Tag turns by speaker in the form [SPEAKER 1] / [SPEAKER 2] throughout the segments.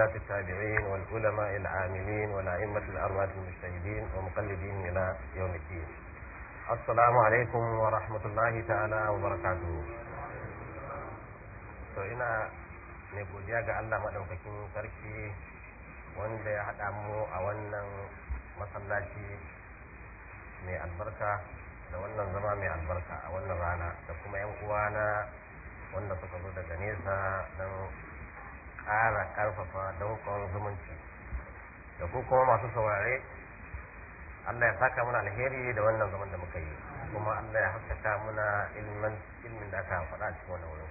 [SPEAKER 1] سادة التابعين والعلماء العاملين والأئمة الأربعة wa ومقلدين إلى يوم الدين السلام عليكم ورحمة الله تعالى وبركاته to ina mai godiya ga Allah maɗaukakin sarki wanda ya haɗa mu a wannan masallaci mai albarka da wannan zama mai albarka a wannan rana da kuma 'yan uwana wanda suka zo daga nesa don ƙara ƙarfafa daukon zumunci da ku kuma masu saurare Allah ya saka muna alheri da wannan zaman da muka yi kuma Allah ya haskaka muna ilmin da aka faɗa a cikin wannan wurin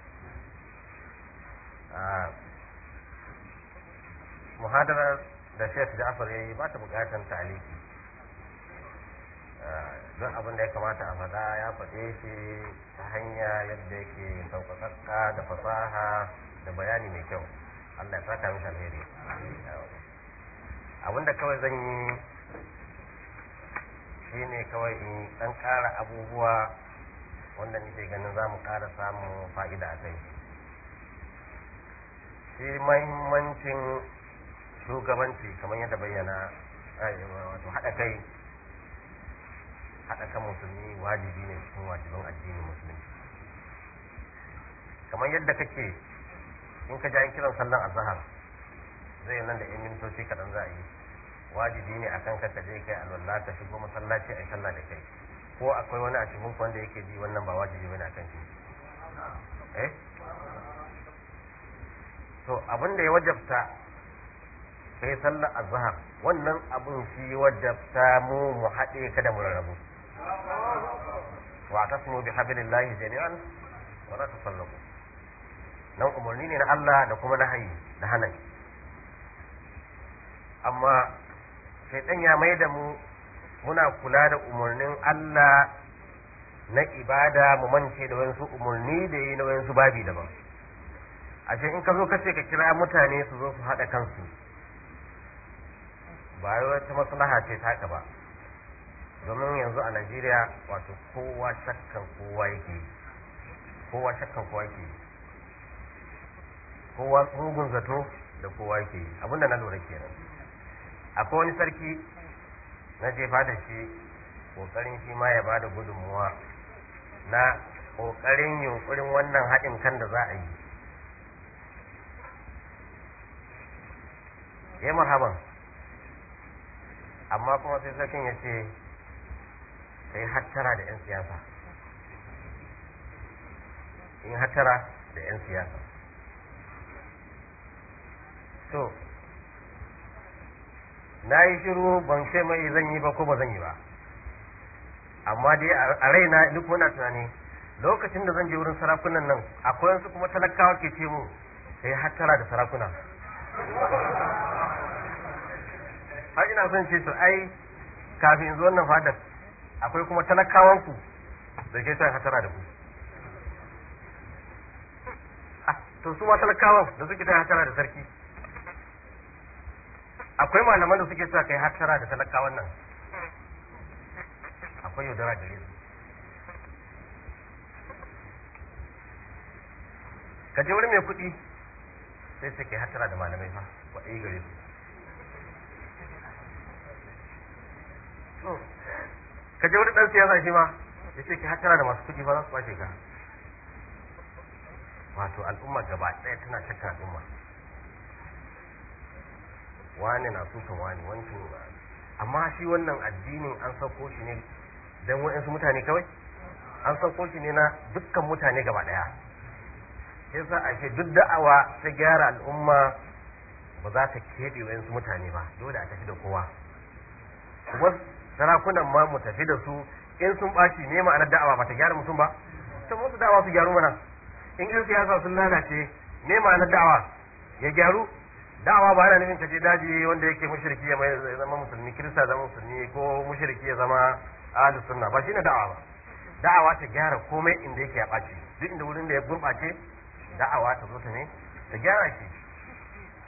[SPEAKER 1] muhadarar da Sheikh Ja'far ya yi ba ta buƙatar taliki don abin da ya kamata a faɗa ya faɗe shi ta hanya yadda yake sauƙaƙaƙƙa da fasaha da bayani mai kyau Allah ya saka mishi alheri abinda kawai zan yi shine kawai in dan kara abubuwa wanda nake ganin za mu kara samu fa'ida a kai shi mahimmancin shugabanci kamar yadda bayyana eh, wato haɗa kai haɗa kan musulmi wajibi ne cikin wajiban addinin musulunci kamar yadda kake in ka ja in kiran sallan azhar zai nan da in mintoci kaɗan za a yi wajibi ne akan ka ka je kai alwala ka shigo masallaci a sallah da kai ko akwai wani a cikin wanda yake ji wannan ba wajibi bane akan shi eh to abin da ya wajabta kai sallar azhar wannan abin shi wajabta mu mu haɗe kada da murarrabu wa tasmu bi hablillahi jami'an wa la tafarraqu nan umarni ne na Allah da kuma na hayi da halayi amma shaitan ya mai da mu muna kula da umarnin Allah na ibada mu mance da wayansu umarni da yi na wasu babi daban ashe in ka zo ka ce ka kira mutane su zo su haɗa kansu ba yi wata maslaha ce ta ba domin yanzu a najeriya wato kowa shakkan kowa yake kowa shakkan kowa yake kowa tsugun zato da kowa yake yi abinda na lura kenan akwai wani sarki na jefa da shi kokarin shi ma ya bada gudunmuwa na kokarin yunkurin wannan haɗin kan da za a yi ya marhaban amma kuma sai sarkin ya ce sai hattara da 'yan siyasa in hattara da 'yan siyasa to na yi shiru ban ce mai zan yi ba ko ba zan yi ba amma dai a raina duk muna tunani lokacin da zan je wurin sarakunan nan akwai wasu kuma talakawa ke ce mu sai hattara da sarakuna har ina son ce su ai kafin in zo wannan fadar akwai kuma talakawan ku da ke son hattara da ku ah, to su ma talakawan da suke ta hattara da sarki akwai malaman da suke cewa kai hattara da talaka wannan akwai yaudara gare su ka je wani mai kuɗi sai sai kai hattara da malamai fa wa ɗaya gare su ka je wani ɗan siyasa shi ma ya ce ki hattara da masu kuɗi ba za su ɓace ka wato al'umma gaba ɗaya tana shakka al'umma wani na sukan wani wancan ba amma shi wannan addinin an sauko shi ne don wa'insu mutane kawai an sauko shi ne na dukkan mutane gaba ɗaya yasa ake duk da'awa ta gyara al'umma ba za ta keɓe wa'insu mutane ba dole a tafi da kowa kuma sarakunan ma mu tafi da su in sun ɓaci ne ma'anar da'awa ba ta gyara mutum ba ta wasu da'awa su gyaru mana in 'yan siyasa sun lalace ne ma'anar da'awa ya gyaru da'awa ba yana nufin ka je daji wanda yake mushriki ya zama musulmi kirista zama musulmi ko mushriki ya zama ahlus sunna ba shine da'awa ba da'awa ta gyara komai inda yake ya ɓaci duk inda wurin da ya gurɓace da'awa ta zo ta ne ta gyara shi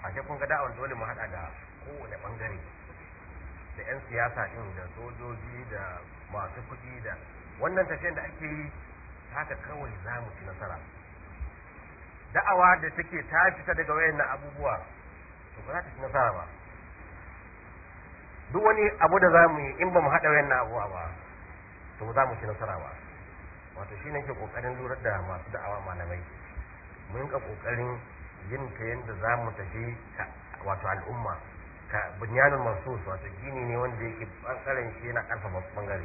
[SPEAKER 1] a ce kun ga da'awar dole mu haɗa da kowane ɓangare da 'yan siyasa ɗin da sojoji da masu kuɗi da wannan tafiyar da ake yi haka kawai za mu ci nasara da'awa da take ta fita daga wayannan abubuwa to ba ta fi nasara ba duk wani abu da za mu yi in ba mu haɗa wayan abuwa ba to za mu ci nasara ba wato shi ne ke ƙoƙarin lura da masu da'awa malamai mu yinka ƙoƙarin yin ta yadda za mu tafi wato al'umma ka bunyanin masu wato gini ne wanda yake ɓangaren shi yana ƙarfafa ɓangare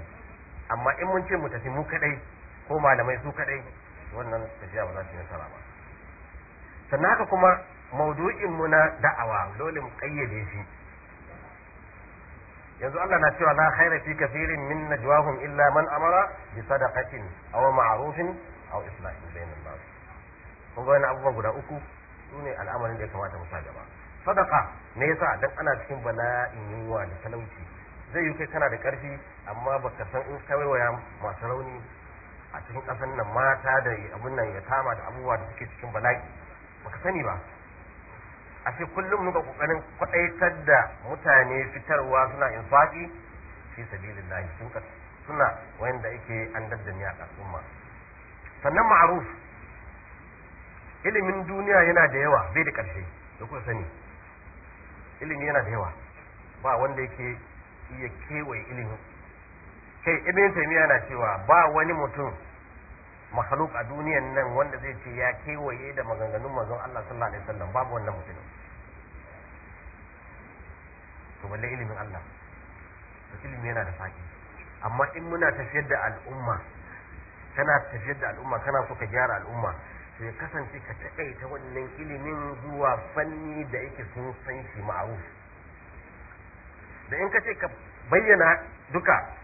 [SPEAKER 1] amma in mun ce mu tafi mu kaɗai ko malamai su kaɗai wannan tafiya ba za ta yi nasara ba sannan haka kuma maudu'in mu na da'awa dole mu kayyade shi yanzu Allah na cewa la khaira fi kathirin min najwahum illa man amara bi sadaqatin aw ma'rufin aw islahin bainan nas kun ga wannan abubuwan guda uku sune al'amarin da ya kamata mu sa gaba sadaka me yasa dan ana cikin bala'in yunwa da talauci zai yi kai kana da karfi amma baka san in kawaiwaya masu rauni a cikin kasan nan mata da abun nan ya kama da abubuwa da suke cikin bala'i baka sani ba a shi kullum muka kokarin kwaɗaitar da mutane fitarwa suna infaki fi sabilillahi sun ka suna wanda ake an daddani a al'umma sannan ma'aruf ilimin duniya yana da yawa bai da ƙarshe da kuka sani ilimi yana da yawa ba wanda yake iya kewaye ilimin kai ibn taymiya na cewa ba wani mutum makhluk a duniyan nan wanda zai ce ya kewaye da maganganun manzon Allah sallallahu alaihi wasallam babu wannan mutum to balle ilimin Allah to ilimi yana da faɗi amma in muna tafiyar da al'umma kana tafiyar da al'umma kana so ka gyara al'umma to ya kasance ka taƙaita wannan ilimin zuwa fanni da yake sun san shi ma'ruf da in ka ce ka bayyana duka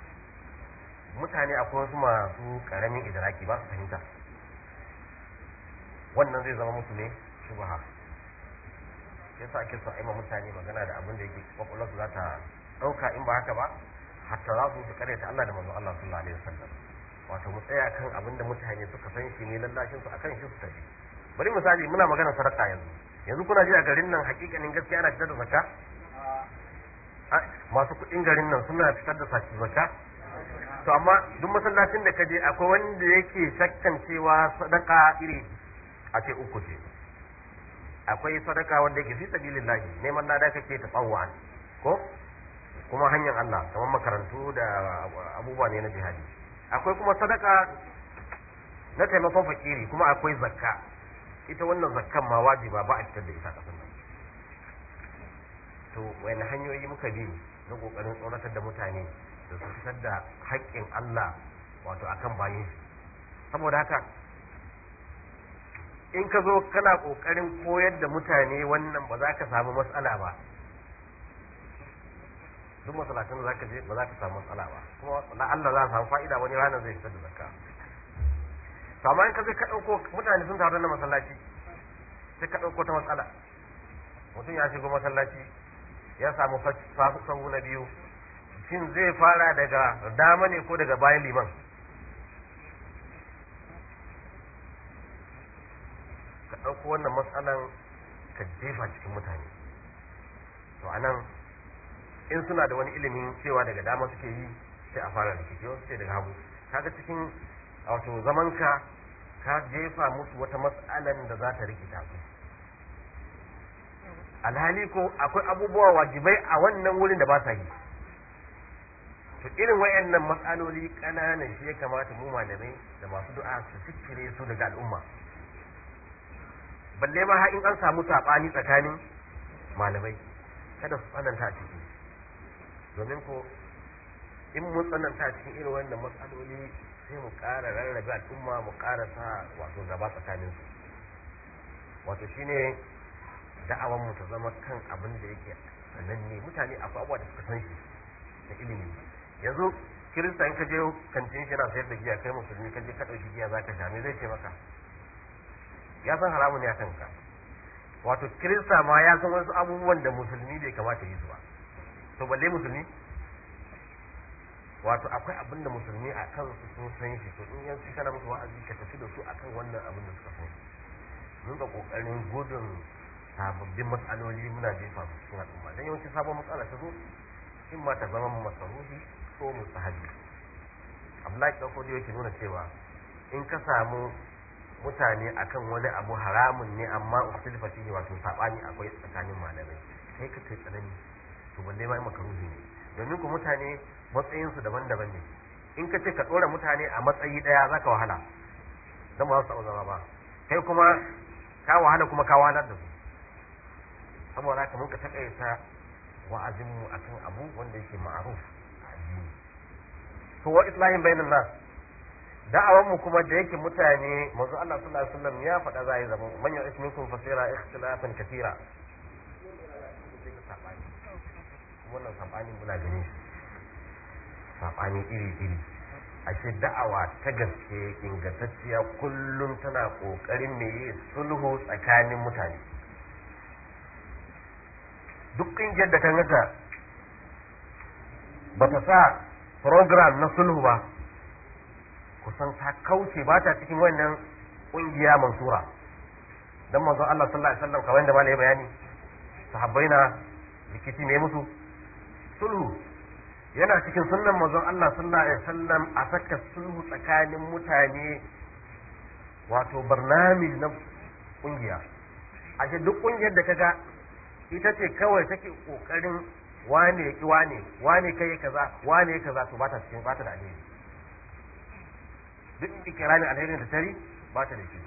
[SPEAKER 1] mutane akwai wasu masu karamin idraki ba su fahimta wannan zai zama musu ne shubha ya sa ake son aima mutane magana da abin da yake kwakwalwar su za ta ɗauka in ba haka ba hatta za su su karyata Allah da manzon Allah sallallahu alaihi wasallam wato mu tsaya kan abin da mutane suka san shi ne lallashin su akan shi su tafi bari misali muna magana sarakta yanzu yanzu kuna ji a garin nan hakikanin gaskiya ana fitar da zakka masu kuɗin garin nan suna fitar da saki zakka to amma duk masallacin da kaje akwai wanda yake shakkan cewa sadaka iri a ce uku ce akwai sadaka wanda yake fi sabilillahi neman lada kake ta tsawwa ko kuma hanyar Allah kamar makarantu da abubuwa ne na jihadi akwai kuma sadaka na taimakon fakiri kuma akwai zakka ita wannan zakkan ma wajiba ba a fitar da ita kasan nan to wani hanyoyi muka bi na kokarin tsoratar da mutane da su fitar da haƙƙin Allah wato akan bayan shi saboda haka in ka zo kana ƙoƙarin koyar da mutane wannan ba za ka samu matsala ba duk masalatan da ka je ba za ka samu matsala ba kuma na Allah za samu fa'ida wani ranar zai fitar da zakka to amma in ka zai ka dauko mutane sun taru na masallaci sai ka dauko ta matsala mutum ya shigo masallaci ya samu sahu na biyu shin zai fara daga dama ne ko daga bayan liman ka ɗauko wannan matsalan ka jefa cikin mutane to anan in suna da wani ilimin cewa daga dama suke yi sai a fara rikici wasu ce daga hagu kaga cikin a wato zamanka ka jefa musu wata matsalan da za ta rikita su alhali ko akwai abubuwa wajibai a wannan wurin da ba sa yi to irin wayannan matsaloli kananan shi ya kamata mu malamai da masu du'a su fikire su daga al'umma balle ma har in an samu sabani tsakanin malamai kada su tsananta ciki domin ko in mun tsananta cikin irin wannan matsaloli sai mu ƙara rarrabe al'umma mu ƙara sa wato gaba tsakanin su wato shine da'awar mu ta zama kan abin da yake sananne mutane akwai abubuwa da suka san shi da ilimi yanzu kirista in ka je kantin shi na sayar da giya kai musulmi ka je ka ɗauki giya za ka sha me zai ce maka ya san haramun ya kanka wato kirista ma ya san wasu abubuwan da musulmi bai kamata yi zuwa to balle musulmi wato akwai abin da musulmi a kan su sun san shi to in yanzu kana musu wa'azi ka tafi da su akan wannan abin da suka san mun ga kokarin gudun sababbin matsaloli muna jefa su cikin al'umma dan yawanci sabon matsala ta zo in ma ta zama masarufi so mustahabi abdullahi dan kodiyo yake nuna cewa in ka samu mutane akan wani abu haramun ne amma ukhtilfa fihi wato sabani akwai tsakanin malamai sai ka kai tsanani to balle ma makaruhi ne domin ku mutane matsayinsu daban-daban ne in ka ce ka ɗora mutane a matsayi ɗaya za ka wahala don ba za su zama ba kai kuma ka wahala kuma ka wahalar da su saboda haka mun ka taƙaita wa'azinmu akan abu wanda yake ma'aruf to wa islahin bainan nas da'awar mu kuma da yake mutane manzo Allah sallallahu alaihi wasallam ya faɗa za yi zaman man ya'is minkum fasira ikhtilafan katira wannan sabanin muna gani sabani iri iri ashe da'awa ta gaske ingantacciya kullum tana kokarin me sulhu tsakanin mutane duk kungiyar da ta nasa ba ta sa program na sulhu ba kusan ta kauce ba ta cikin wannan ƙungiya mansura dan manzon Allah sallallahu alaihi wasallam kamar da malai bayani sahabbai na rikici ne musu sulhu yana cikin sunnan manzon Allah sallallahu alaihi wasallam a saka sulhu tsakanin mutane wato barnami na ƙungiya ake duk ƙungiyar da kaga ita ce kawai take ƙoƙarin wane ki wane wane kai ya kaza wane ya kaza to bata cikin bata da alheri duk ikirarin alherin da tari bata da shi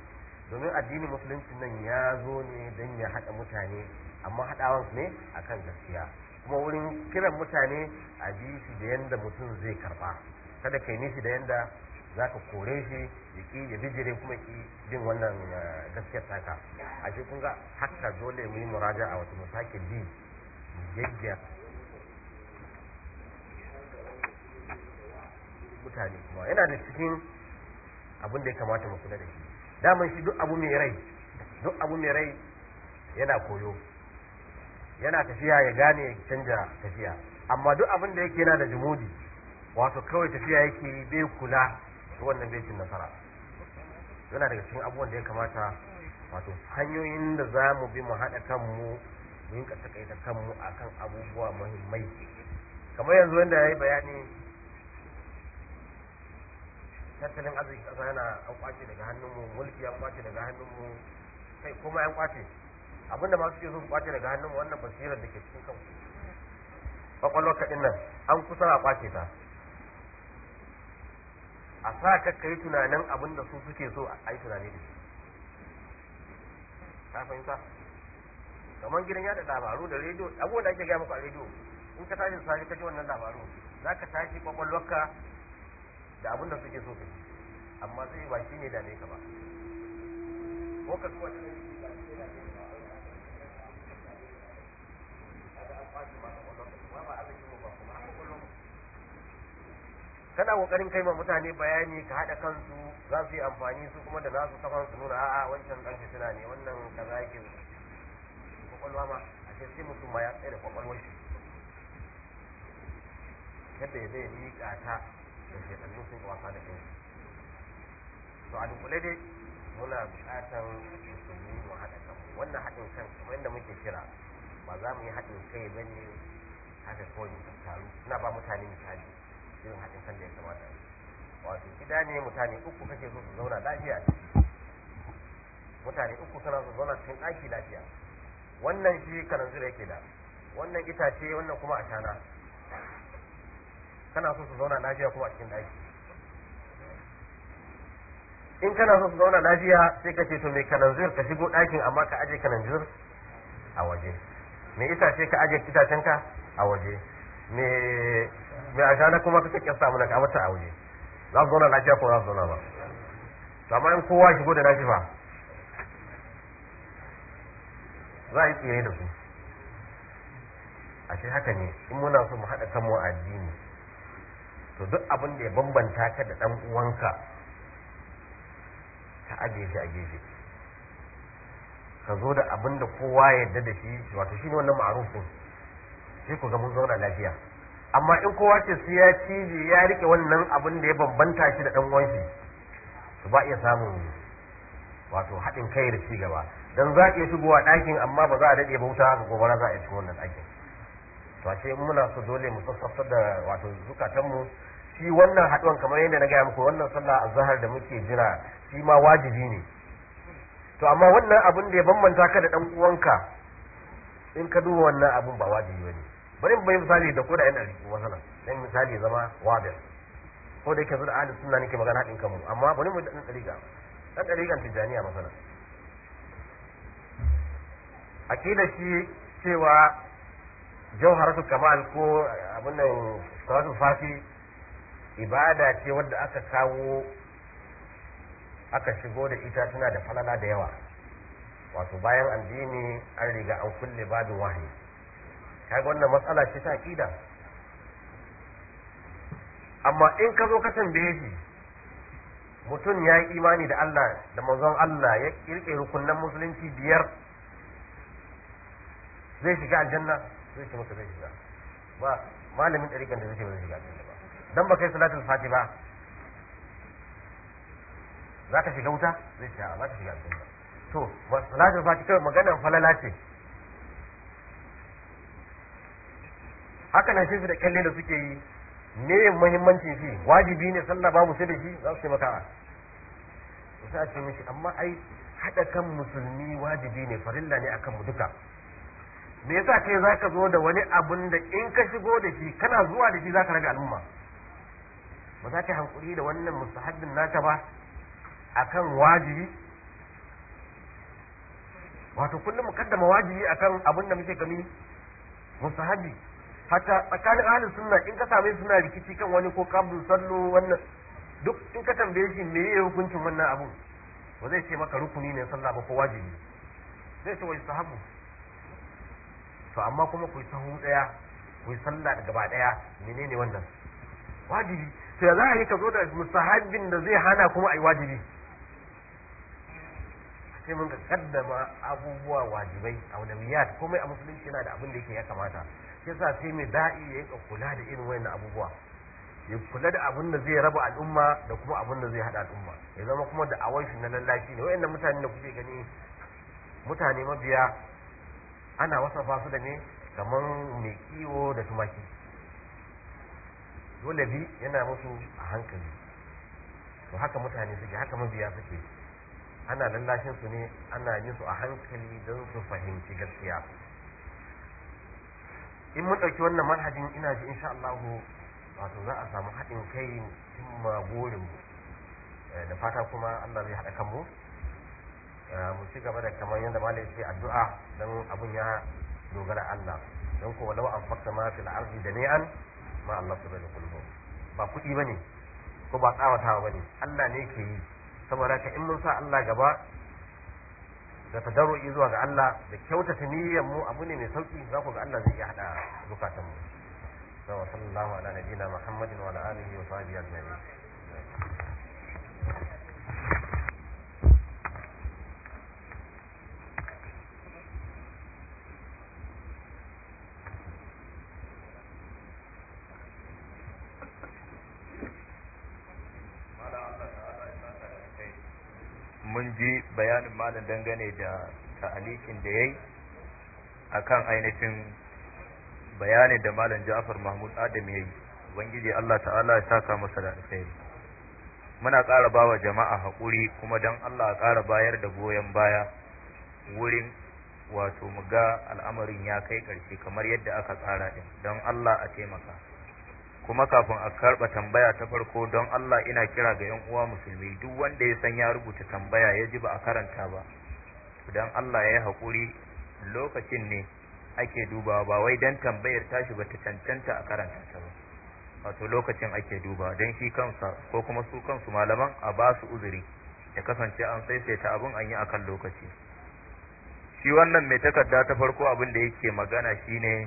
[SPEAKER 1] domin addinin musulunci nan ya zo ne don ya haɗa mutane amma haɗawan ne akan gaskiya kuma wurin kiran mutane a ji shi da yanda mutum zai karba kada kai nishi da yanda za ka kore shi ya ki ya bijire kuma ki jin wannan eh, gaskiyar taka a shi kun ga haka dole mu yi muraja a wata musakin bi mutane kuma yana da cikin abin da ya kamata mu kula da shi daman shi duk abu mai rai duk abu mai rai yana koyo yana tafiya ya gane ya canja tafiya amma duk abin da yake yana da jumudi wato kawai tafiya yake bai kula da wannan bai cin nasara yana daga cikin abubuwan da ya kamata wato hanyoyin da za mu bi mu haɗa kanmu mu yi kanmu akan abubuwa muhimmai kamar yanzu wanda ya yi bayani tattalin arziki ƙasa yana an kwace daga hannunmu mulki an kwace daga hannunmu kai kuma an kwace abinda masu ke so su kwace daga hannunmu wannan basirar da ke cikin kan kwakwalwar ɗin nan an kusa a kwace ta a sa ka kai tunanin abinda da su suke so a yi tunani da shi ka fahimta kamar gidan yada labaru da rediyo abubuwan da ake gaya muku a rediyo in ka tashi sa ka ji wannan labaru za ka tashi kwakwalwarka da abin da suke so su amma sai ba shi ne ne ka ba ko ka zuwa da kana kokarin kai ma mutane bayani ka haɗa kansu za su yi amfani su kuma da nasu kafan su nuna a'a wancan ɗan suna ne wannan kaza yake kwakwalwa ma a ce sai mutum ma ya tsaye da kwakwalwar shi yadda ya zai miƙa ta da shekarun sun wasa da yin to a dukkule dai muna buƙatar musulmi mu haɗa kan wannan haɗin kan kamar yadda muke kira ba za mu yi haɗin kai ba ne haka kawai mu taru ina ba mutane misali irin haɗin kan da ya kamata wato gida ne mutane uku kake so su zauna lafiya mutane uku suna su zauna cikin ɗaki lafiya wannan shi kananzira zira yake da wannan itace wannan kuma a ashana kana so su zauna lafiya kuma a cikin daji in kana so su zauna lafiya sai ka ce to mai kananzir ka shigo ɗakin amma ka aje kananzir a waje ita itace ka aje itacen ka a waje Me ashana kuma ka kake samu na wata a waje za su zauna lafiya ko za su zauna ba to amma in kowa shigo da lafiya ba za a yi tsire da su ashe haka ne in muna so mu haɗa kanmu a addini to duk abin da ya bambanta ka da dan uwanka ka aje shi a gefe ka zo da abin da kowa ya yarda da shi wato shi ne wannan ma'arufin sai ku ga mun da lafiya amma in kowa ce su ya cije ya rike wannan abin da ya bambanta shi da dan uwanshi to ba iya samun wato haɗin kai da ci gaba dan za a iya shigowa ɗakin amma ba za a daɗe ba wuta haka gobara za a iya shigo wannan ɗakin to ashe muna so dole mu sassafta da wato mu shi wannan haduwan kamar yadda na gaya muku wannan sallah azhar da muke jira shi ma wajibi ne to amma wannan abin da ya bambanta ka da dan uwanka in ka duba wannan abin ba wajibi bane bari mu bai misali da koda yana riƙo masalan dan misali zama wajibi ko da yake zuwa ahli sunna nake magana haɗin kanmu amma bari mu dan dariga dan dariƙan tijaniya masalan akida shi cewa jauharatu kamal ko abin nan salatu fati ibada ce wadda aka kawo aka shigo da ita tana da falala da yawa wato bayan addini an riga an kulle babin wahayi kaga wannan matsala ce ta aqida amma in ka zo ka tambaye shi mutum ya yi imani da Allah da manzon Allah ya kirke rukunan musulunci biyar zai shiga aljanna zai ce maka zai shiga ba malamin ɗarikan da zai ce ba zai shiga aljanna ba dan ba kai salatul fati ba za ka shiga wuta zai ce ba ka shiga aljanna to ba salatul fati kawai magana falala ce haka nan shi da kyalle da suke yi me muhimmancin shi wajibi ne sallah babu sai da shi za su ce maka a sai a ce mishi amma ai haɗa kan musulmi wajibi ne farilla ne akan mu duka me yasa kai zaka zo da wani abun da in ka shigo da shi kana zuwa da shi zaka raga al'umma ba za ka hankuri da wannan mustahabbin naka ba akan wajibi wato kullum kaddama wajibi akan abun da muke gani mustahabbi hatta tsakanin ahlus sunna in ka same suna rikici kan wani ko kabul sallu wannan duk in ka tambaye shi me yake hukuncin wannan abun ba zai ce maka rukuni ne sallah ba ko wajibi zai ce sahabu to amma kuma ku sahu daya ku sallah gaba daya menene wannan wajibi to ya za a yi ka zo da musahabin da zai hana kuma ai wajibi sai mun ga kaddama abubuwa wajibai a wulawiyat komai a musulunci yana da abin da yake ya kamata sa sai mai da'i ya yi kula da irin wayannan abubuwa ya kula da abin da zai raba al'umma da kuma abin da zai hada al'umma ya zama kuma da awai na lallashi ne wayannan mutane da kuke gani mutane mabiya ana wasafa su da ne kamar mai kiwo da tumaki dole bi yana musu a hankali to haka mutane suke haka mabiya suke ana lallashin su ne ana yin su a hankali don su fahimci gaskiya in mun ɗauki wannan manhajin ina ji insha Allah wato za a samu haɗin kai cimma burin eh, da fata kuma Allah zai haɗa kanmu Eh, mu ci gaba da kamar yadda malai ce addu'a don abun ya dogara Allah don ko walau an fakta ma fil ardi jami'an ma Allah subhanahu wa ba kuɗi bane ko ba tsawatawa bane Allah ne ke yi saboda ka in mun sa Allah gaba da tadarru'i zuwa ga Allah da kyautata niyyar mu abu ne mai sauki za ku ga Allah zai iya hada zukatan mu sallallahu ala nabiyina muhammadin wa ala alihi wa sahbihi ajma'in
[SPEAKER 2] bayanin malam dangane da ta'alikin da ya yi a kan ainihin bayanin da malam Ja'far Mahmud Adam yi ubangiji Allah ta'ala ya saka masa da alheri muna ƙara bawa jama'a haƙuri kuma don Allah a ƙara bayar da goyon baya wurin wato mu ga al'amarin ya kai ƙarshe kamar yadda aka tsara din don Allah a taimaka kuma kafin a karɓa tambaya ta farko don Allah ina kira ga yan uwa musulmi duk wanda ya san ya rubuta tambaya ya ji ba a karanta ba don Allah ya yi haƙuri lokacin ne ake dubawa ba wai don tambayar tashi ba ta cancanta a karanta ta ba wato lokacin ake dubawa don shi kansa ko kuma su kansu malaman a ba su uzuri ya kasance an saisaita abin an yi akan lokaci shi wannan mai takarda ta farko abin da yake magana shine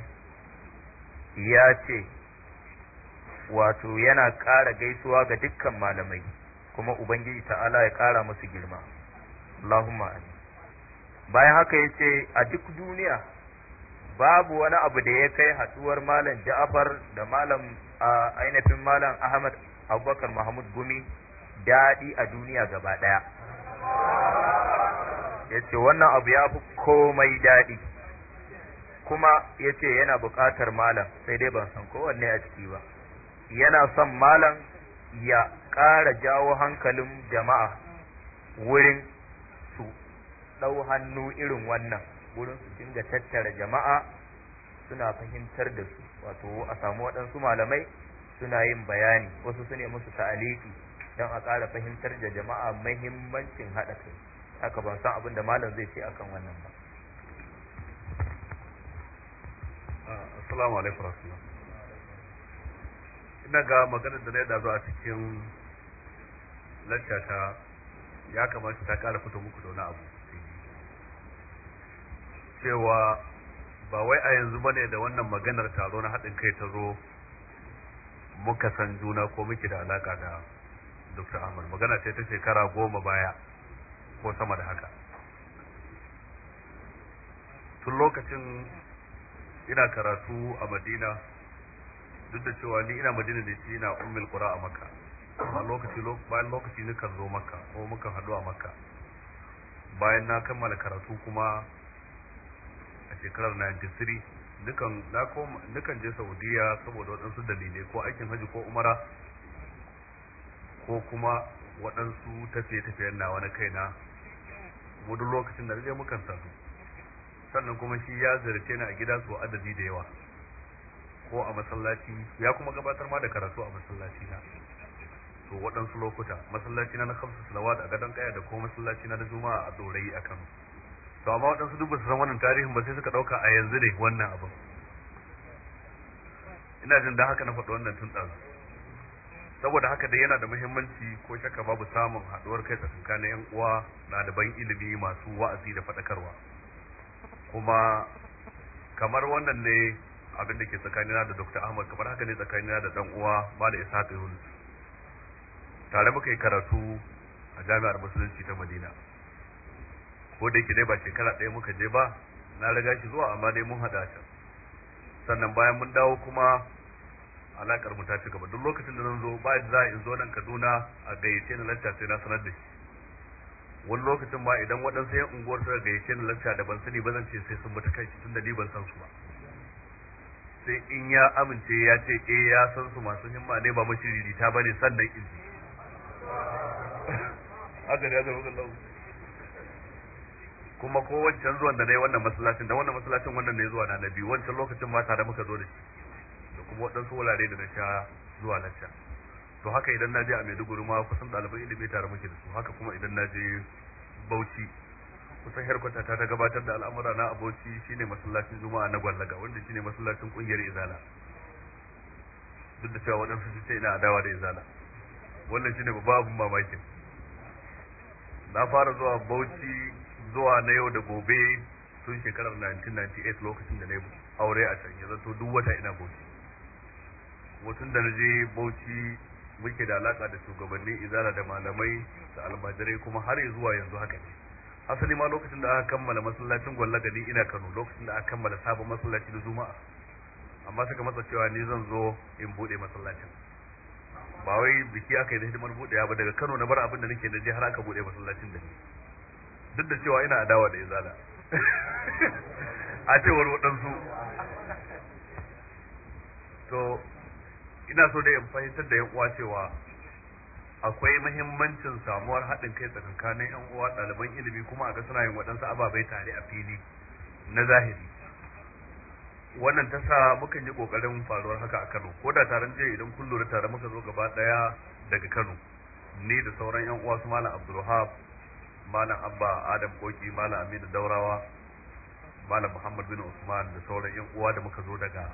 [SPEAKER 2] ya ce wato yana ƙara gaisuwa ga dukkan malamai kuma ubangiji ta'ala ya ƙara musu girma Allahumma amin bayan haka yace a duk duniya babu wani abu da ya kai haduwar malam Ja'far da malam ainihin malam Ahmad Abubakar Mahmud Gumi daɗi a duniya gaba ɗaya yace wannan abu ya fi komai daɗi kuma yace yana buƙatar malam sai dai ban san kowanne a ciki ba yana son malam ya ƙara jawo hankalin jama'a wurin su ɗau hannu irin wannan wurin su dinga tattara jama'a suna fahimtar da su wato a samu waɗansu malamai suna yin bayani wasu su ne musu ta'aliki don a ƙara fahimtar da jama'a mahimmancin haɗa kai haka ban san abin da malam zai ce akan wannan ba
[SPEAKER 3] assalamu alaikum ina ga maganar da na yada zuwa cikin lantata ya kamata ta kara fito muku da wani abu cewa ba wai a yanzu bane da wannan maganar taro na haɗin kai ta zo muka san juna ko muke da alaka da dr ahmad magana ce ta shekara goma baya ko sama da haka tun lokacin ina karatu a madina duk da cewa ni ina madina da shi ina ummul qura a makka a lokaci bayan lokaci ne kan zo makka ko muka hadu a makka bayan na kammala karatu kuma a shekarar 93 dukan na koma dukan je saudiya saboda waɗansu dalilai ko aikin haji ko umara ko kuma waɗansu tafiye-tafiyen nawa na kaina duk lokacin da rage mukan sadu sannan kuma shi ya zarce ni a gida su adadi da yawa ko a masallaci ya kuma gabatar ma da karatu a masallaci na to waɗansu lokuta masallaci na na kamsu salawa a gadon kaya da kuma masallaci na na juma'a a dorayi a kano to amma waɗansu duk basu su san wannan tarihin ba sai suka ɗauka a yanzu ne wannan abin ina jin da haka na faɗi wannan tun ɗazu saboda haka dai yana da muhimmanci ko shakka babu samun haɗuwar kai tsakankanin yan uwa ɗaliban ilimi masu wa'azi da faɗakarwa kuma kamar wannan ne abin da ke tsakanina da Dr. Ahmad kamar haka ne tsakanina da dan uwa isa Ishaq Yunus tare muka yi karatu a Jami'ar Musulunci ta Madina ko da yake dai ba shekara ɗaya muka je ba na riga shi zuwa amma dai mun hada can sannan bayan mun dawo kuma alakar mu ta ci gaba duk lokacin da zan zo ba da za in zo nan Kaduna a gayyace ni lacca sai na sanar da shi wani lokacin ba idan waɗansu yan unguwar suka gayyace ni lacca da ban sani ba zan ce sai sun bata kai tun da ni ban san su ba sai in ya amince ya ce eh ya san su masu himma ne ba mashiriri ta bane sannan in haka ne aka rubuta lau kuma ko wancan zuwan da na yi wannan masallacin da wannan masallacin wannan ne zuwa na na biyu wancan lokacin ma tare muka zo da shi da kuma waɗansu wurare da na sha zuwa na sha to haka idan na je a maiduguri ma kusan ɗaliban ilimi tare muke da su haka kuma idan na je bauchi kusan herkwata ta gabatar da al'amura na aboci shine masallacin juma'a na gwallaga wanda shine masallacin kungiyar izala duk da cewa waɗansu su ce ina adawa da izala wannan shine babban abin mamaki. na fara zuwa bauchi zuwa na yau da gobe tun shekarar 1998 lokacin da na yi aure a can yanzu zato duk wata ina bauchi mutum da na je
[SPEAKER 4] bauchi muke da
[SPEAKER 3] alaka da shugabannin izala da malamai da almajirai kuma har zuwa yanzu haka ne asali ma lokacin da aka kammala masallacin gwalla gani ina Kano lokacin da aka kammala sabon masallaci Zuma Juma'a amma suka matsa cewa ni zan zo in bude masallacin ba wai biki aka yi da hidimar budewa ba daga Kano na bar abin da nake da je har aka bude masallacin da ni duk da cewa ina adawa da izala a cewar waɗansu to ina so da in fahimtar da yan uwa cewa akwai mahimmancin samuwar haɗin kai tsakankanin yan uwa ɗaliban ilimi kuma a ga suna yin waɗansu ababai tare a fili na zahiri wannan ta sa mukan yi ƙoƙarin faruwar haka a Kano ko da taron jiya idan kun lura tare muka zo gaba ɗaya daga Kano ni da sauran yan uwa su malam Abdulwahab malam Abba Adam Koki malam Aminu Daurawa malam Muhammad bin Usman da sauran yan uwa da muka zo daga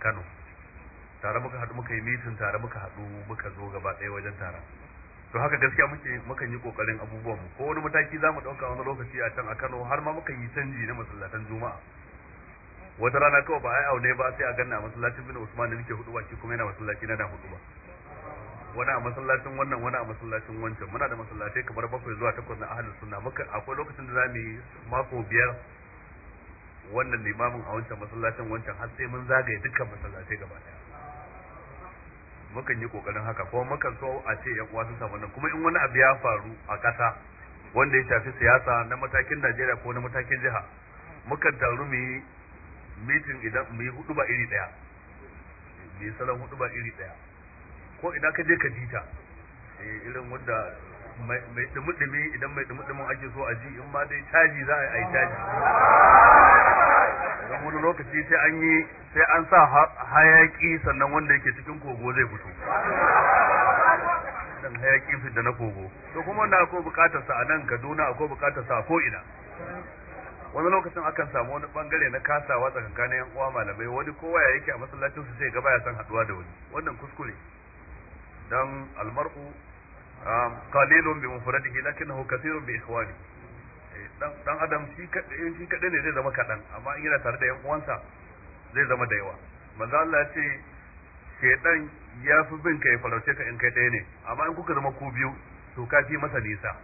[SPEAKER 3] Kano tare muka haɗu muka yi mitin tare muka haɗu muka zo gaba ɗaya wajen taron to haka gaskiya muke mukan yi kokarin abubuwan mu ko wani mataki zamu dauka wani lokaci a can a Kano har ma mukan yi canji na masallatan Juma'a wata rana kawai ba ai aune ba sai a ganna a masallacin bin Usman da nake hudu ba shi kuma yana masallaci na da hudu ba wani a masallacin wannan wani a masallacin wancan muna da masallatai kamar bakwai zuwa takwas na ahlus sunna muka akwai lokacin da zamu yi mako biyar wannan limamin a wancan masallacin wancan har sai mun zagaye dukkan masallatai gaba ɗaya mukan yi kokarin haka ko mukan so a ce ya uwa sun samu nan kuma in wani abu ya faru a kasa wanda ya shafi siyasa na matakin Najeriya ko na matakin jiha mukan taru mu yi meeting idan mu yi hudu ba iri daya mu yi salon hudu ba iri daya ko idan ka je ka jita eh, irin wanda mai dumudumi idan mai dumudumin ake so a ji in ma
[SPEAKER 4] dai caji za a yi caji daga
[SPEAKER 3] wani lokaci sai an yi sai an sa hayaki sannan wanda yake cikin kogo zai fito dan hayaki fi da na kogo to kuma wanda akwai bukatar sa a nan Kaduna akwai bukatar sa ko ina wani lokacin akan samu wani bangare na kasawa tsakankanin yan uwa malamai wani kowa ya yake a masallacin su sai gaba ya san haduwa da wani wannan kuskure dan almar'u um, qalilun bi mufradihi lakinnahu kathirun bi ikhwanihi dan adam shi kadai eh, ne zai zama kaɗan amma in yana tare da yan uwansa zai zama da yawa manzo Allah ya ce shedan ya fi bin ka ya farauce ka in kai ɗaya ne amma in kuka zama ku biyu to ka fi masa nisa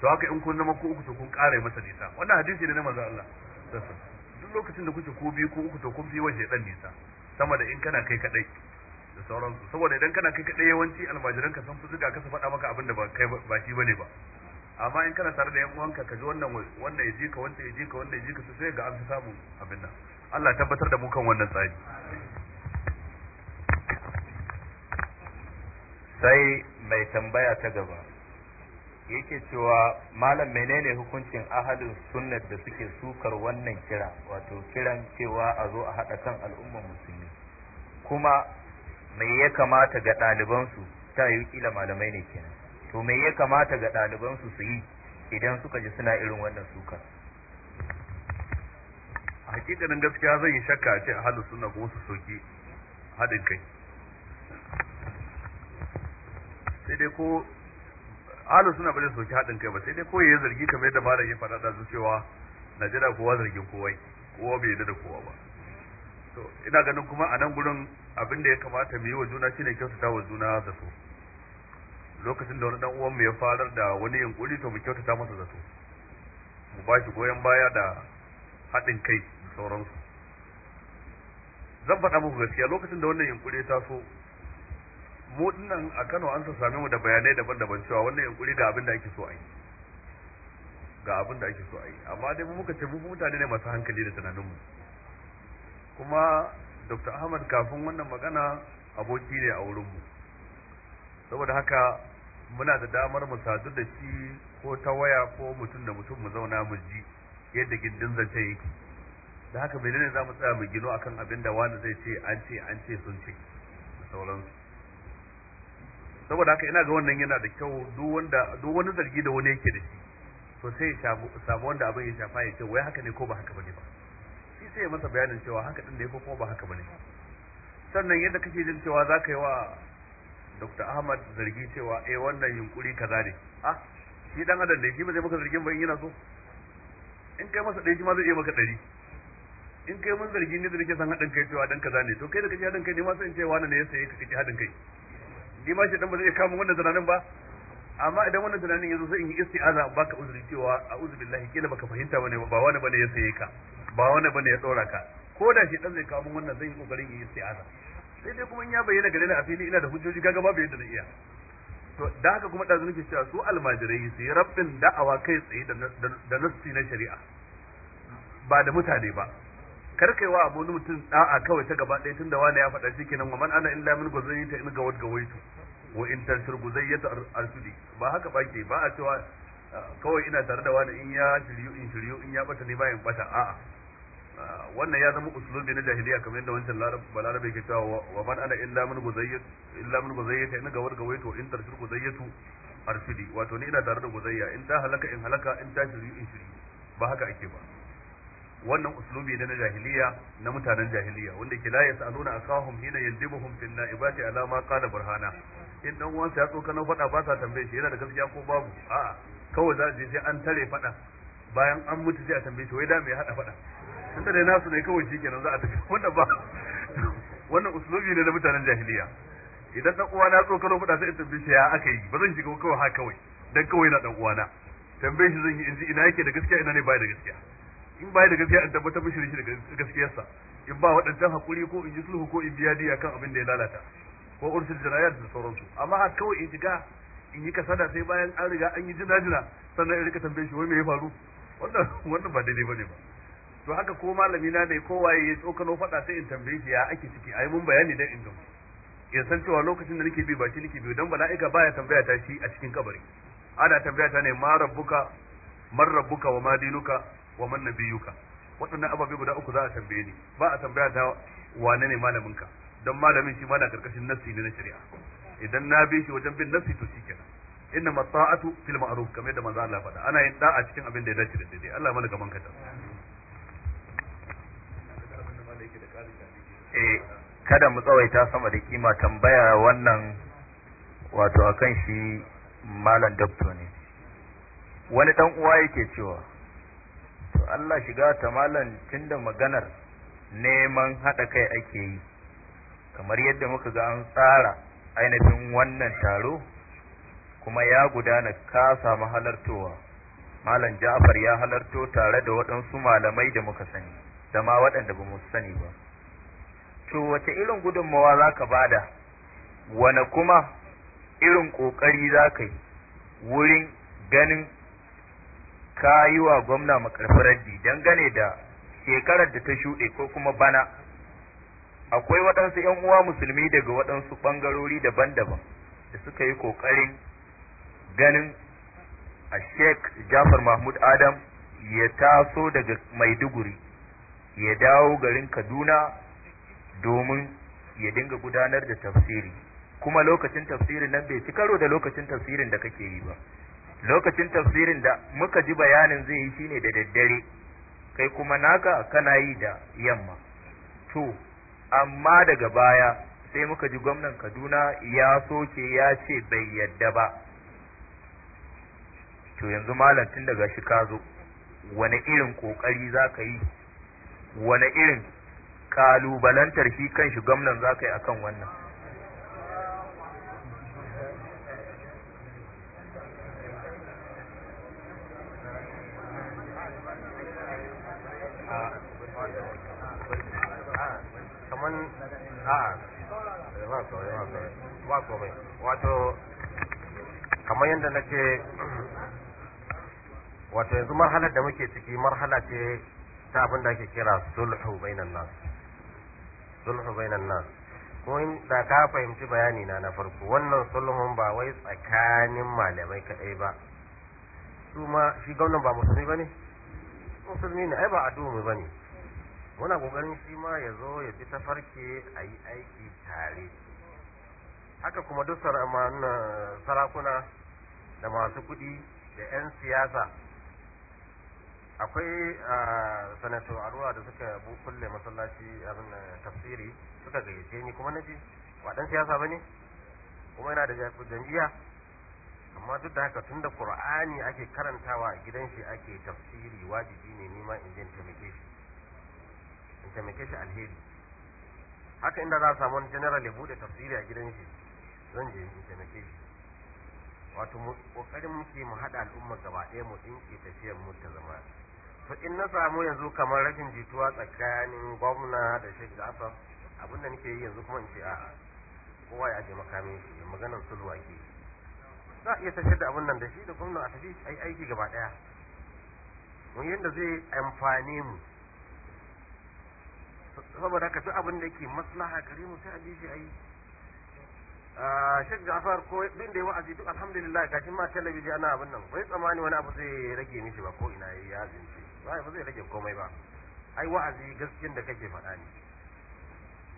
[SPEAKER 3] to haka in kun zama ku uku to kun ƙara masa nisa wannan hadisi ne na manzo Allah
[SPEAKER 4] duk
[SPEAKER 3] lokacin da kuke ku biyu ku uku to kun fi wa shedan nisa sama da in kana kai kadai da sauransu saboda idan kana kai kadai yawanci almajiranka sun fi zuga ka su faɗa maka abin da ba kai ba shi bane ba amma in kana tare da yan uwanka ka ji wannan wanda ya ji ka wanda ya ji ka wanda ya ji ka sai ga an fi samun abin nan Allah tabbatar da mu kan wannan tsari
[SPEAKER 2] sai mai tambaya ta gaba yake cewa malam menene hukuncin ahalin sunnar da suke sukar wannan kira wato kiran cewa a zo a haɗa kan al'ummar musulmi kuma mai ya kamata ga ɗalibansu ta yi ƙila malamai ne kenan to me ya kamata ga ɗalibansu su yi idan suka ji suna irin wannan suka a hakikanin gaskiya zan yi shakka ce a halin suna
[SPEAKER 3] ko su soki haɗin kai sai dai ko halin suna ba zai soki haɗin kai ba sai dai ko ya zargi kamar yadda da ya faɗa da cewa jira kowa zargin kowai kowa bai yi da kowa ba to ina ganin kuma a nan gurin abin da ya kamata mu yi wa juna shine kyautata wa juna da su. lokacin da wani dan uwan mu ya farar da wani yunkuri to mu kyautata masa zato mu ba shi goyon baya da haɗin kai da sauransu zan faɗa muku gaskiya lokacin da wannan yunkuri ya taso mu dinnan a Kano an sa same mu da bayanai daban-daban cewa wannan yunkuri ga abin da ake so a yi ga abin da ake so a yi amma dai mu muka ce mu mutane ne masu hankali da tunanin mu kuma Dr. Ahmad kafin wannan magana aboki ne a wurin mu saboda haka muna da damar mu sadu da shi ko ta waya ko mutum da mutum mu zauna mu ji yadda gindin zance yake da haka menene za mu tsaya mu gino akan abin da wani zai ce an ce an ce sun ce da sauransu saboda haka ina ga wannan yana da kyau duk wanda duk wani zargi da wani yake da shi to sai ya samu wanda abin ya shafa ya ce wai haka ne ko ba haka bane ba shi sai ya masa bayanin cewa haka din da yake ko ba haka bane sannan yadda kake jin cewa za ka yi wa Dr. Ahmad zargi cewa eh wannan yunkuri kaza ne ah shi dan adam ne shi ba zai maka zargin ba in yana so in kai masa ɗaya shi ma zai iya maka ɗari in kai mun zargi ne da nake san haɗin kai cewa dan kaza ne to kai da kake haɗin kai ne ma sai in cewa wani ne ya saye ka kake haɗin kai ni ma shi dan ba zai kama wannan zananin ba amma idan wannan tunanin yazo sai in yi isti'aza baka uzuri cewa a'udhu billahi kila baka fahimta bane ba wani bane ya saye ka ba wani bane ya tsora ka ko da shi dan zai kawo mun wannan zan yi kokarin yi isti'aza sai dai kuma in ya bayyana gare ni a fili ina da hujjoji kaga bai yadda na iya to da haka kuma ɗazu nake cewa su almajirai su yi rabbin da'awa kai tsaye da nassi na shari'a ba da mutane ba kar kai wa abu mutum da'a kawai ta gaba ɗaya tunda wani ya faɗa shi kenan wa man ana illa min ta in ga gawad gawaitu wa in tanshur guzayyata arsudi ba haka ba ke ba a cewa kawai ina tare da wani in ya shiryu in shiryu in ya bata ne ba in bata a'a wannan ya zama usulubi na jahiliya kamar yadda wancan balarabe ke cewa wa man ana illa min guzayyat illa min guzayyat in ga warga waito in tarshir guzayyatu arshidi wato ni ina tare da guzayya in ta halaka in halaka in ta shiru in shiru ba haka ake ba wannan uslubi ne na jahiliya na mutanen jahiliya wanda ke la yasaluna akahum hina yandibuhum fil naibati ala ma qala burhana in dan uwansa ya tsoka na fada ba sa tambaye shi yana da gaskiya ko babu a'a kawai za je sai an tare fada bayan an mutu sai a tambaye shi wai da me ya hada fada inda dai nasu ne kawai shikenan za a tafi wannan ba wannan uslubi ne na mutanen jahiliya idan dan uwa na karo fada sai in tambaye shi ya aka yi ba zan shiga kawai ha kawai dan kawai na dan uwana tambaye shi zan yi in ji ina yake da gaskiya ina ne baya da gaskiya in baya da gaskiya in tabbatar mishi shi da gaskiyarsa in ba waɗancan hakuri ko in ji sulhu ko in biya diya kan abin da ya lalata ko ursul jinayat da sauransu amma ha kawai in shiga in yi kasada sai bayan an riga an yi jina jina sannan in rika tambaye shi wai me ya faru wannan wannan ba daidai bane ba to haka ko malami na ne waye ya tsokano faɗa sai in tambaye shi ya ake ciki ai mun bayani dan in gamsu ya san cewa lokacin da nake bi ba shi nake bi dan Balaika baya tambaya ta shi a cikin kabari ana tambaya ta ne ma rabbuka man rabbuka wa ma wa man nabiyuka waɗannan ababe guda uku za a tambaye ni ba a tambaya ta wane ne malamin ka dan malamin shi ma na karkashin nassi ne na shari'a idan na bi shi wajen bin nassi to shikenan inna mata'atu fil ma'ruf kamar da manzo Allah faɗa ana yin da'a cikin abin da ya dace da daidai
[SPEAKER 2] Allah mana gaban ka eh kada mu tsawaita sama da kima tambaya wannan wato akan shi malam dabto ne wani ɗan uwa yake cewa to Allah shiga ta malam tunda maganar neman haɗa kai ake yi kamar yadda muka ga an tsara ainihin wannan taro kuma ya gudana ka samu halartowa malam ja'far ya halarto tare da waɗansu malamai da muka sani da ma waɗanda ba mu sani ba to wace irin gudunmawa za ka bada wane kuma irin ƙoƙari za ka yi wurin ganin ka yi wa gwamna makarfi dangane da shekarar da ta shuɗe ko kuma bana akwai waɗansu 'yan uwa musulmi daga waɗansu ɓangarori daban-daban da suka yi ƙoƙarin ganin a sheikh jafar mahmud adam ya taso daga maiduguri ya dawo garin kaduna domin ya dinga gudanar da tafsiri kuma lokacin tafsirin nan bai ci karo da lokacin tafsirin da kake yi ba lokacin tafsirin da muka ji bayanin zai yi shine da daddare kai kuma naka kana yi da yamma to amma daga baya sai muka ji gwamnan Kaduna ya soke ya ce bai yadda ba to yanzu malam tun daga shi ka zo wani irin kokari za ka yi wani irin kalubalantar shi kan shi gwamnan za ka yi akan wannan
[SPEAKER 4] kamar
[SPEAKER 1] yadda na ce wato yanzu marhalar da muke ciki marhala ce ta abin da ake kira sulhu bainan nasu sulhu bainan nan, ko in da ka fahimci bayani na na farko wannan sulhun ba wai tsakanin malamai kadai ba su ma shi gwamnan ba musulmi bane musulmi ne ai ba ba bane muna kokarin shi ma ya zo ya bi tafarke a yi aiki tare haka kuma duk sarakuna da masu kuɗi da 'yan siyasa akwai sanato arwa da suka bu kulle masallaci abin tafsiri suka gayyace ni kuma na ji ba dan siyasa bane kuma yana da jami'a amma duk da haka tunda qur'ani ake karantawa a gidan shi ake tafsiri wajibi ne nima in je taimake shi in taimake shi alheri haka inda za a samu general ya bude tafsiri a gidan shi zan je in taimake shi wato kokarin muke mu haɗa al'umma gaba ɗaya mu dinke tafiyar mu ta zama to in na samu yanzu kamar rashin jituwa tsakanin gwamna da shi da asar abinda nake yi yanzu kuma in ce a'a kowa ya ce makamin shi maganar sulwa ke za a iya tafiyar da abin nan da shi da gwamna a tafi a yi aiki gaba daya mun da zai amfani mu saboda haka fi abin da ke maslaha gare mu sai a ji shi a yi da asa ko bin da yi wa'azi duk alhamdulillah gashi ma talabijin ana abin nan bai tsammani wani abu zai rage mishi ba ko ina ya zinci wallahi ba zai rage komai ba ai wa'azi gaskiyar da kake faɗa ne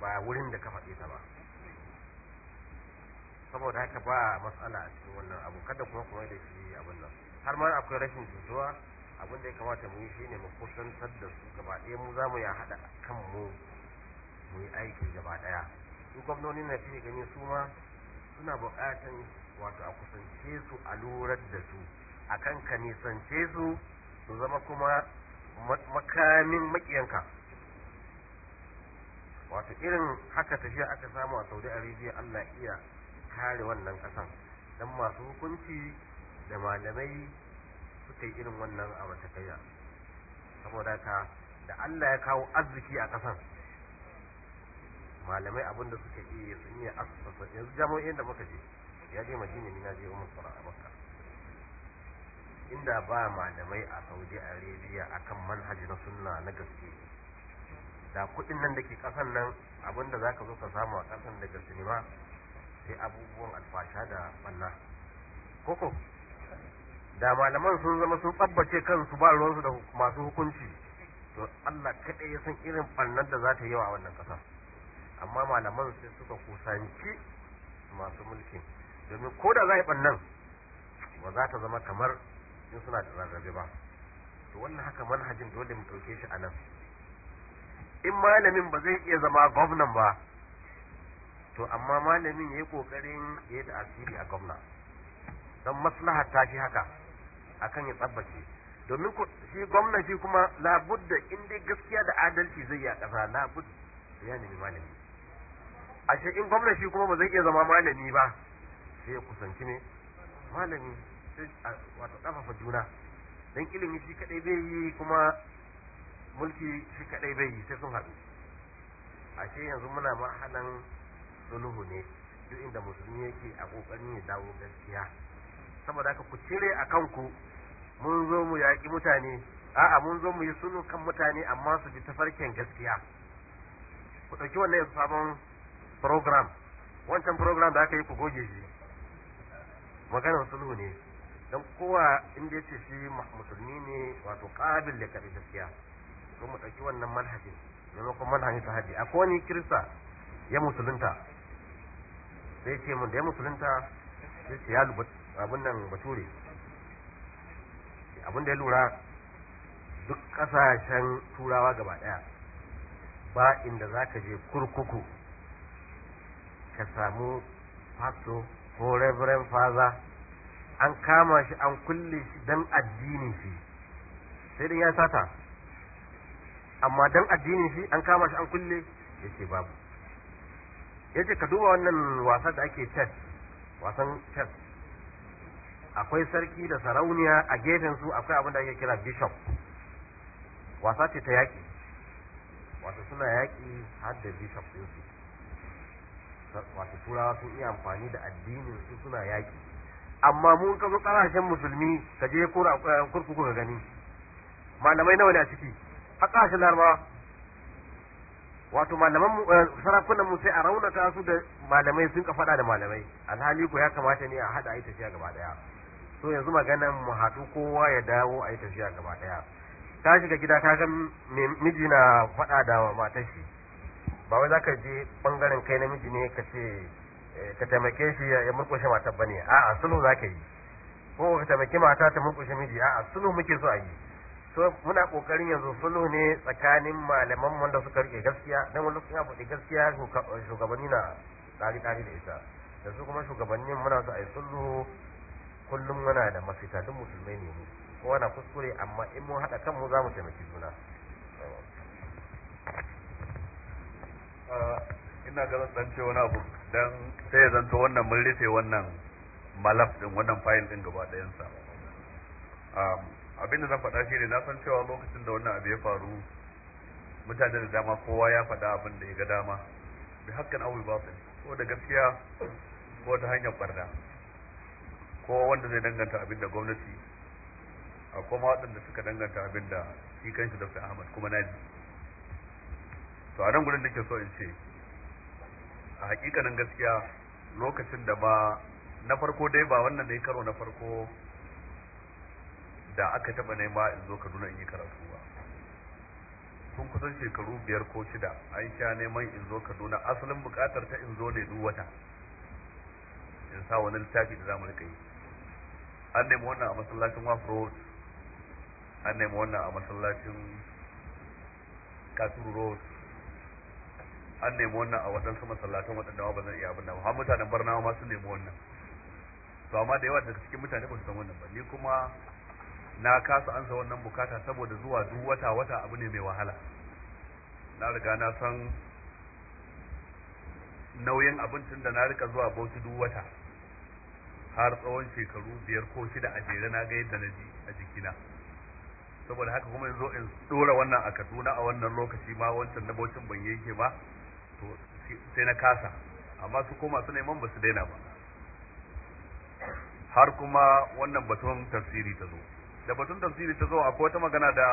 [SPEAKER 1] ba wurin da ka faɗe ta ba saboda haka ba matsala a cikin wannan abu kada kuma kuma da shi abin nan har ma akwai rashin jituwa abin da ya kamata mu yi shine mu kusantar da su gaba ɗaya mu za mu ya haɗa kan mu mu yi aiki gaba ɗaya su gwamnoni na fiye gani su ma suna buƙatan wato a kusance su a lurar da su akan ka nisance su su zama kuma makamin makiyanka wato irin haka tafiya aka samu a saudi arabia allah iya kare wannan kasan dan masu hukunci da malamai suka yi irin wannan a matakaiya saboda ka da allah ya kawo arziki a kasan malamai abinda suka iya sun iya asusa yanzu jami'in da muka je ya je madina na je umar a makka inda ba malamai a saudi arabia akan manhaji na sunna na gaske da kudin nan da ke kasan nan abinda za ka zo ka samu a kasan daga sinima sai abubuwan alfasha da banna koko da malaman sun zama sun tsabbace kansu ba ruwansu da masu hukunci to allah kaɗai ya san irin bannar da za ta yawa a wannan kasa amma malaman sai suka kusanci masu mulki, domin ko da za yi bannan ba za ta zama kamar in suna da rarrabe ba to wannan haka manhajin dole mu ɗauke shi a nan in malamin ba zai iya zama gwamnan ba to amma malamin ya yi ƙoƙarin ya yi da asiri a gwamna don maslahar ta shi haka akan ya tsabbace domin shi gwamna shi kuma labudda in dai gaskiya da adalci zai yi a ƙasa labud ya nemi malami ashe in gwamna shi kuma ba zai iya zama malami ba sai ya kusanci ne malami wato kafafa juna dan ilimi shi kadai bai yi kuma mulki shi kadai bai yi sai sun haɗu ashe yanzu muna mahalan sulhu ne duk inda musulmi yake a kokarin ya dawo gaskiya saboda haka ku cire a kanku mun zo mu yaƙi mutane a'a mun zo mu yi sulhu kan mutane amma su bi tafarkin gaskiya ku ɗauki wannan yanzu sabon program wancan program da aka yi ku goge shi maganar sulhu ne don kowa inda ya ce shi musulmi ne wato kabil da kafi gaskiya to mu ɗauki wannan manhajin maimakon manhajin sahabi a ni kirista ya musulunta sai ce mun da ya musulunta sai ce ya abin nan bature abin da ya lura duk ƙasashen turawa gaba ɗaya ba inda za ka je kurkuku ka samu pastor ko reverend father an kama shi an kulle shi dan addini shi sai dai ya sata amma dan addinin shi an kama shi an kulle yace babu yace ka duba wannan wasa da ake chess wasan chess akwai sarki da sarauniya a gefen su akwai abin da ake kira bishop wasa ce ta yaki Wasa suna yaki har da bishop din su turawa sun iya amfani da addinin su suna yaƙi. amma mun ka zo ƙasashen musulmi ka je eh, kurkuku ka gani malamai nawa ne a ciki a ƙasashen larabawa wato malaman eh, sarakunan mu sai a raunata su da malamai sun ka faɗa da malamai alhali ko ya kamata ne a haɗa a yi tafiya gaba ɗaya so yanzu maganan mu haɗu kowa ya dawo a yi tafiya gaba ɗaya ta shiga gida ta ga miji na faɗa da matar shi ba wai za ka je ɓangaren kai namiji ne ka ce Eh, ka taimake shi ya murkushe matar bane a'a sulhu ka yi ko ka taimaki mata ta murkushe miji a'a sulhu muke so a yi so muna kokarin yanzu sulhu ne tsakanin malaman wanda suka rike gaskiya don wani lokacin abu da gaskiya shugabanni na tsari tsari da ita da su kuma shugabannin muna so a yi sulhu kullum muna da mafita duk musulmai ne mu kowa na kuskure amma in mun haɗa kanmu za mu taimaki juna
[SPEAKER 3] ina ga zan ce wani abu dan sai zanto wannan mun rufe wannan malaf din wannan fayil din gaba ɗayan sa abin zan faɗa shi ne na san cewa lokacin da wannan abu ya faru mutane da dama kowa ya faɗa abin da ya ga dama bi hakkan ba batil ko da gaskiya ko ta hanyar barda ko wanda zai danganta abin da gwamnati a kuma waɗanda suka danganta abin da shi kanshi Dr. Ahmad kuma na to a nan gurin da ke so in ce a hakikanin gaskiya lokacin da ba na farko dai ba wannan ne karo na farko da aka taba nema in zo kaduna in yi karatu ba tun kusan shekaru biyar ko shida an sha neman in zo kaduna asalin bukatar ta in zo ne duk wata in sa wani littafi da zamu rika yi an nemi wannan a masallacin road an nemi wannan a masallacin katuru road an nemi wannan a waɗansu masallatan waɗanda ba zan iya abin da har mutanen barnawa ma sun nemi wannan to amma da yawa daga cikin mutane ba su san wannan ba ni kuma na kasa ansa wannan bukata saboda zuwa duk wata wata abu ne mai wahala na riga na san nauyin abincin da na rika zuwa bauchi duk wata har tsawon shekaru biyar ko shida a jere na ga yadda na ji a jikina saboda haka kuma zo in dora wannan a kaduna a wannan lokaci ma wancan na bauchin ban yanke ba sai na kasa amma su koma su neman ba su daina ba har kuma wannan batun tafsiri ta zo da batun tafsiri ta zo akwai wata magana da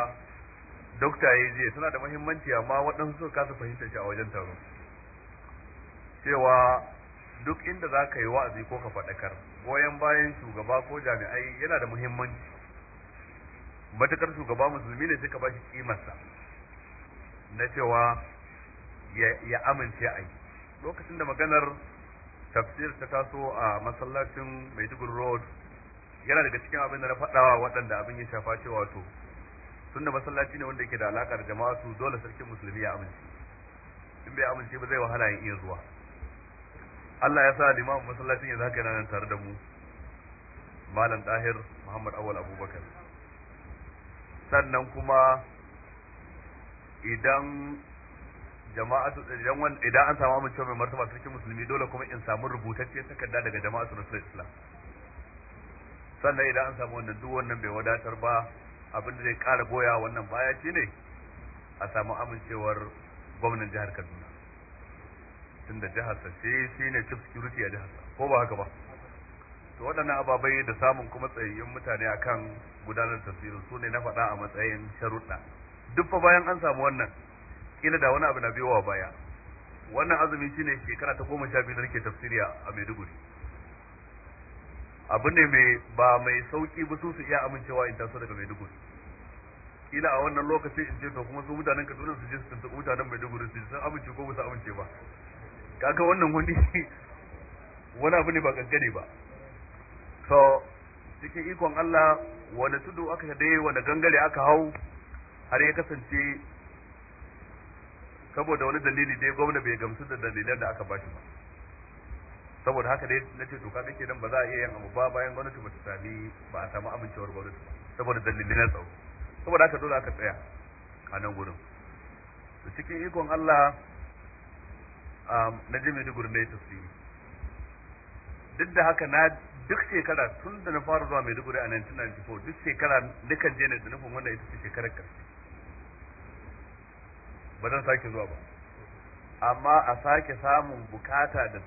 [SPEAKER 3] dokta ya je tana da muhimmanci amma waɗansu suka kasa fahimta shi a wajen taro cewa duk inda za ka yi wa'azi ko ka faɗakar goyon bayan shugaba ko jami'ai yana da muhimmanci matukar shugaba musulmi ne sai ka ba shi kimarsa na cewa ya amince a yi lokacin da maganar tafsir ta taso a masallacin maiduguri road yana daga cikin abin da na faɗawa waɗanda abin ya shafa cewa to tun da masallaci ne wanda yake da alaƙa da jama'a su dole sarkin musulmi ya amince in bai amince ba zai wahala yin iya zuwa Allah ya sa limamin masallacin ya haka yana nan tare da mu malam dahir muhammad awal abubakar sannan kuma idan jama'atu idan idan an samu amincewa mai martaba sarkin musulmi dole kuma in samu rubutacciyar takarda daga jama'atu na islam sannan idan an samu wannan duk wannan bai wadatar ba abin da zai kara goya wannan baya ne a samu amincewar gwamnan jihar Kaduna tunda jihar sa ce shine chief security a jihar sa ko ba haka ba to waɗannan ababai da samun kuma tsayayyun mutane akan gudanar tafsirin su ne na faɗa a matsayin sharuɗa duk fa bayan an samu wannan kila da wani abu na biyowa baya wannan azumi shine shekara ta goma sha biyu da nake tafsiri a Maiduguri abu ne mai ba mai sauki ba su su iya amincewa in taso daga Maiduguri kila a wannan lokacin in ce to kuma su mutanen Kaduna su je su tuntuɓi mutanen Maiduguri su san amince ko ba su amince ba kaga wannan wani wani abu ne ba kankane ba to cikin ikon Allah wani tudu aka dai wani gangare aka hau har ya kasance saboda wani dalili dai gwamna bai gamsu da dalilan da aka bashi ba saboda haka dai na ce to kaga nan ba za a iya yin abu ba bayan gwamnati ba ta sami ba a samu amincewar gwamnati ba saboda dalilin na tsaro saboda haka dole aka tsaya a nan gurin to cikin ikon Allah um, na jimi da gurin da ya duk da haka na duk shekara tun da na fara zuwa Maiduguri a 1994 duk shekara dukan je da nufin wanda ita ce shekarar karshe ba zan sake zuwa ba amma a sake samun bukata da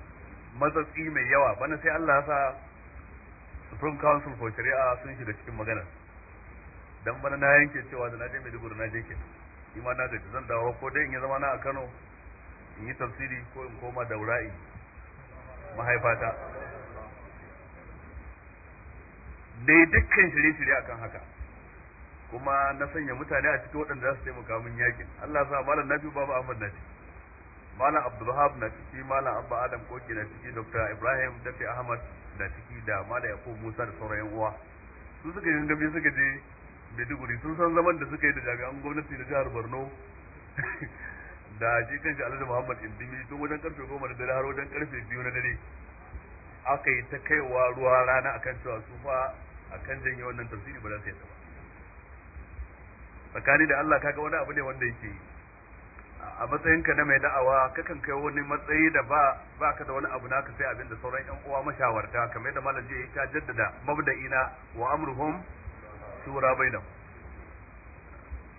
[SPEAKER 3] matsatsi mai yawa bana sai Allah ya sa Supreme Council for Sharia sun shiga cikin magana dan bana na yanke cewa da na je Maiduguri na je ke ni na gaji zan dawo ko dai in ya zama na a Kano in yi tafsiri ko in koma da wura'i mahaifata dai dukkan shirye-shirye akan haka kuma na sanya mutane a cikin waɗanda za su taimaka min yakin Allah sa malam nafi babu Ahmad na ciki malam abdulhab na ciki malam Abba Adam Koki na ciki Dr. Ibrahim Dafi Ahmad na ciki da malam Yakub Musa da sauran uwa su suka yi gangami suka je Maiduguri sun san zaman da suka yi da jami'an gwamnati da jihar Borno da shi kanshi Alhaji Muhammad Indimi tun wajen karfe goma da dare har wajen karfe biyu na dare aka yi ta kaiwa ruwa rana akan cewa su fa akan janye wannan tafsiri ba za su yi ba tsakani da Allah kaga wani abu ne wanda yake yi a matsayinka na mai da'awa kakan kai wani matsayi da ba ba ka da wani abu naka sai abin da sauran yan uwa mashawarta kamar yadda malam ji ya jaddada mabda'ina wa amruhum shura bainahum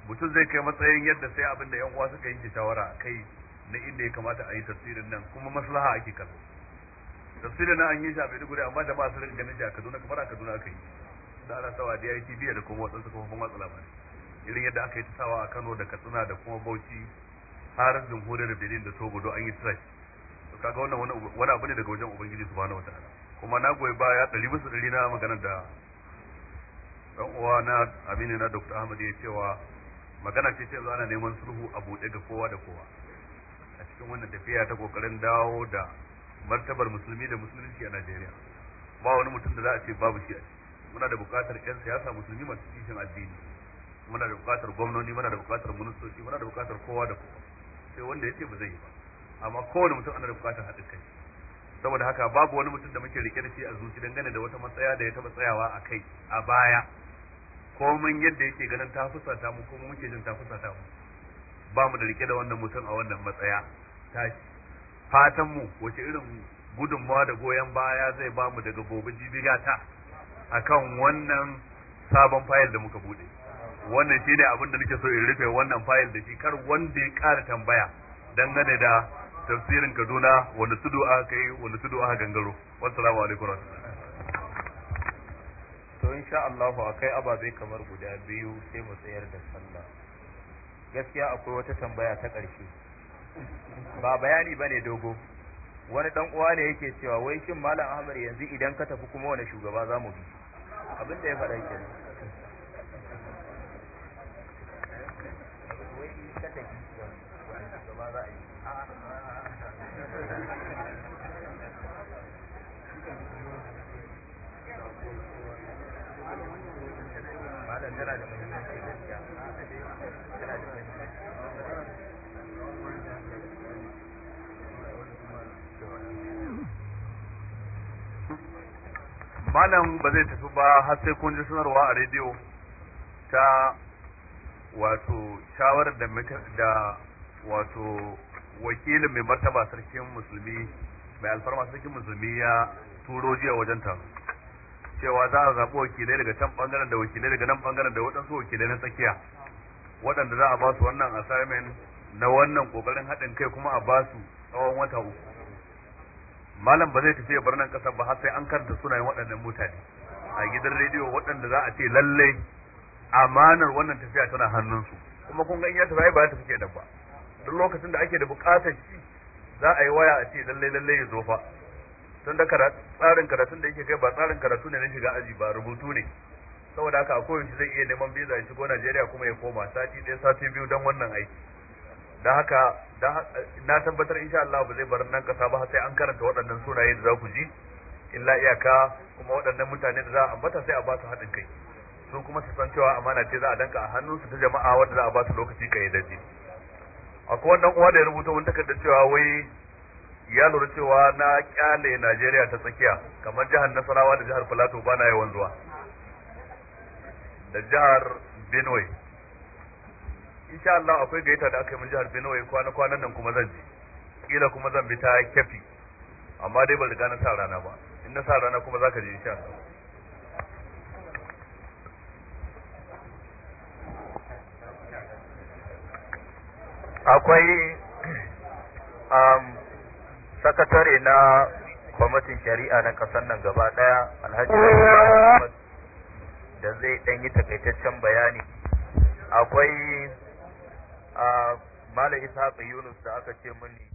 [SPEAKER 3] mutum zai kai matsayin yadda sai abin da yan uwa suka yi shawara kai na inda ya kamata a yi tafsirin nan kuma maslaha ake kallo tafsirin nan an yi shi da Maiduguri amma jama'a sun ganin shi a Kaduna kamar a Kaduna aka yi da Allah sawa da yi tibiya da kuma wadansu kafofin watsa labarai irin yadda aka yi tasawa a Kano da Katsina da kuma Bauchi har jamhuriyar Benin da Togo don an yi trash to kaga wannan wani abu ne daga wajen ubangiji subhanahu wataala kuma na goyi baya ɗari bisa ɗari na maganar da dan uwa na aminu na Dr. Ahmad ya cewa magana ce ce ana neman sulhu a buɗe ga kowa da kowa a cikin wannan tafiya ta kokarin dawo da martabar musulmi da musulunci a Najeriya ba wani mutum da za a ce babu shi a muna da bukatar 'yan siyasa musulmi masu cikin addini muna da bukatar gwamnoni muna da bukatar ministoci muna da bukatar kowa da kowa sai wanda yake ba zai yi ba amma kowane mutum ana da bukatar haɗin kai saboda haka babu wani mutum da muke rike da shi a zuci dangane da wata matsaya da ya taɓa tsayawa a kai a baya komai yadda yake ganin ta fusata mu ko muke jin ta fusata mu ba mu da rike da wannan mutum a wannan matsaya tashi fatan mu wace irin gudunmawa da goyon baya zai ba mu daga gobe jibiga ta akan wannan sabon fayil da muka bude wannan shi ne abin da nake so in rufe wannan fayil da shi kar wanda ya ƙara tambaya dangane da tafsirin kaduna wani tudu aka kai wani tudu aka gangaro wassalamu alaikum
[SPEAKER 2] to insha Allah akai ababe kamar guda biyu sai mu tsayar da sallah gaskiya akwai wata tambaya ta ƙarshe ba bayani bane dogo wani dan uwa ne yake cewa wai shin malam Ahmad yanzu idan ka tafi kuma wani shugaba za mu bi
[SPEAKER 4] abin da ya faɗa kenan malam
[SPEAKER 3] malam ba zai tafi ba har sai kun ji sanarwa a rediyo ta wato shawarar da da wato wakilin mai martaba sarkin musulmi mai alfarma sarkin musulmi ya turo jiya wajen taro cewa za a zaɓi wakilai daga can ɓangaren da wakilai daga nan ɓangaren da waɗansu wakilai na tsakiya waɗanda za a ba su wannan assignment na wannan ƙoƙarin haɗin kai kuma a ba su tsawon wata uku malam ba zai tafi bar nan ƙasar ba har sai an karanta sunayen waɗannan mutane a gidan rediyo waɗanda za a ce lallai amanar wannan tafiya tana hannunsu kuma kun ga in ya tafi ba ta fike da ba duk lokacin da ake da bukatar shi za a yi waya a ce lalle lalle ya zo fa tun da tsarin karatun da yake kai ba tsarin karatu ne na shiga aji ba rubutu ne saboda haka akwai koyaushe zai iya neman biza ya shigo Najeriya kuma ya koma sati ɗaya sati biyu don wannan aiki da haka na tabbatar insha Allah ba zai bar nan kasa ba sai an karanta waɗannan sunaye da za ku ji illa iyaka kuma waɗannan mutane da za a ambata sai a ba su haɗin kai su kuma su san cewa amana ce za a danka a hannunsu ta jama'a wanda za a ba su lokaci kai daji akwai wannan uwa da ya rubuta wani takardar cewa wai ya lura cewa na kyale Najeriya ta tsakiya kamar jihar Nasarawa da jihar Plateau ba na yawan zuwa da jihar Benue insha Allah akwai gaita da aka yi min jihar Benue kwana kwanan nan kuma zan je kila kuma zan bi ta Kefi amma dai ban riga na sa rana ba in na sa rana kuma zaka je insha Allah
[SPEAKER 2] akwai um, sakatare na kwamitin shari'a na kasan nan gaba daya alhaji da zai dan yi takaitaccen bayani akwai uh, malam isa yunus da aka ce muni